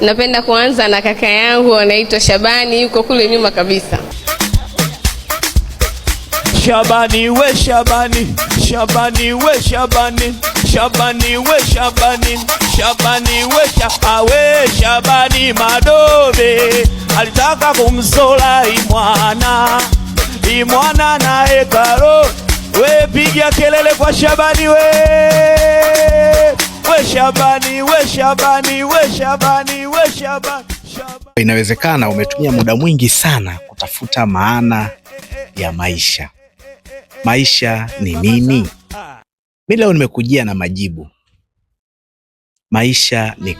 Napenda kuanza na kaka yangu anaitwa Shabani, yuko kule nyuma kabisa. Shabani we Shabani, Shabani we Shabani, Shabani we Shabani, Shabani we Shabani, ah, Shabani Madobe alitaka kumzola imwana, imwana na ekaro, we piga kelele kwa Shabani we we Shabani, we Shabani, we Shabani, we Shabani. Inawezekana umetumia muda mwingi sana kutafuta maana ya maisha. Maisha ni nini? mi leo nimekujia na majibu. Maisha ni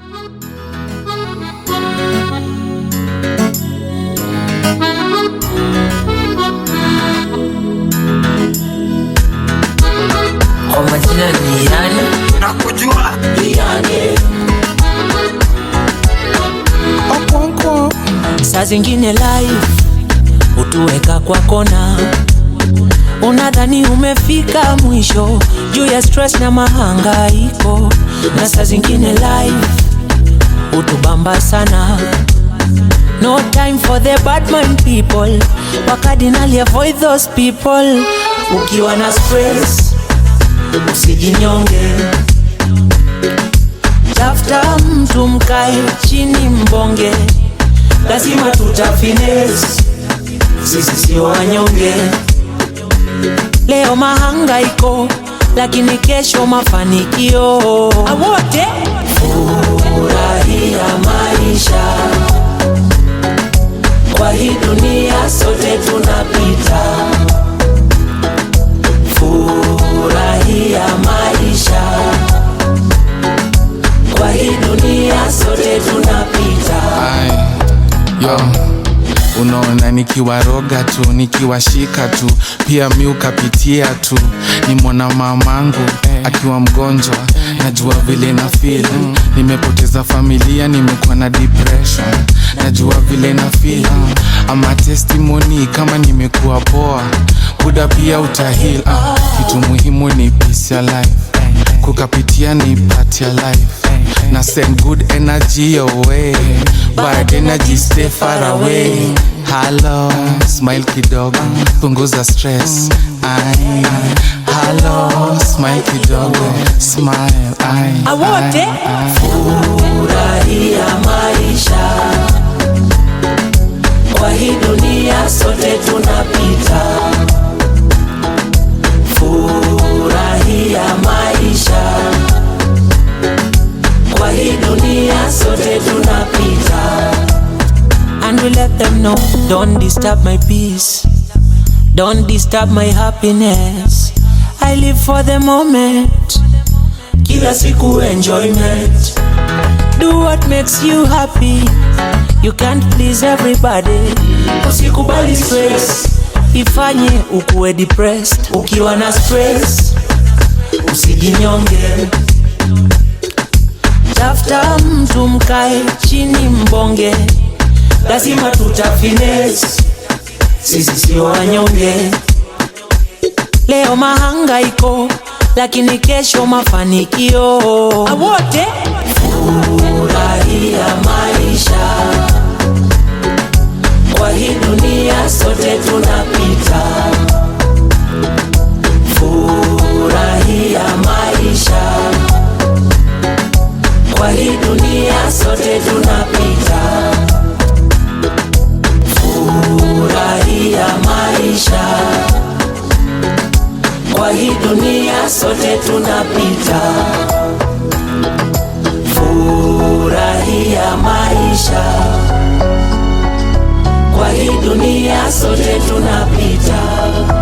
Saa zingine life utuweka kwa kona, unadhani umefika mwisho juu ya stress na mahangaiko, na saa zingine life utubamba sana. No time for the bad man people, wakadinali avoid those people. Ukiwa na stress usijinyonge, tafuta mtu mkae chini mbonge lazima tutafines, sisi si wanyonge. Leo iko lakini kesho mafanikio. Awote furahia maisha, kwa hii dunia sote tunapita yo Unaona nikiwaroga tu nikiwashika tu, pia miukapitia ukapitia tu, ni mwana mamangu eh. akiwa mgonjwa, najua vile na feel. Nimepoteza familia, nimekuwa na depression, najua vile na feel. Ama testimony kama nimekuwa poa, buda pia utahil. Ah. Kitu muhimu ni peace ya life, eh, eh. kukapitia ni part ya life na send good energy away bad energy, stay far away. Hello, smile kidogo, punguza stress. Ai, hello, smile kidogo, smile. Ai, ai, Furahia maisha. no, don't disturb my peace. Don't disturb my happiness. I live for the moment. Kila siku enjoyment. Do what makes you happy. You can't please everybody. Usikubali stress. Ifanye ukuwe depressed. Ukiwa na stress, usijinyonge. Tafuta mtu mkae chini mbonge lazima tutafines, sisi si wanyonge. Leo mahanga iko lakini kesho mafanikio. Awote furahia tunapita, furahia maisha, kwa hii dunia sote tunapita.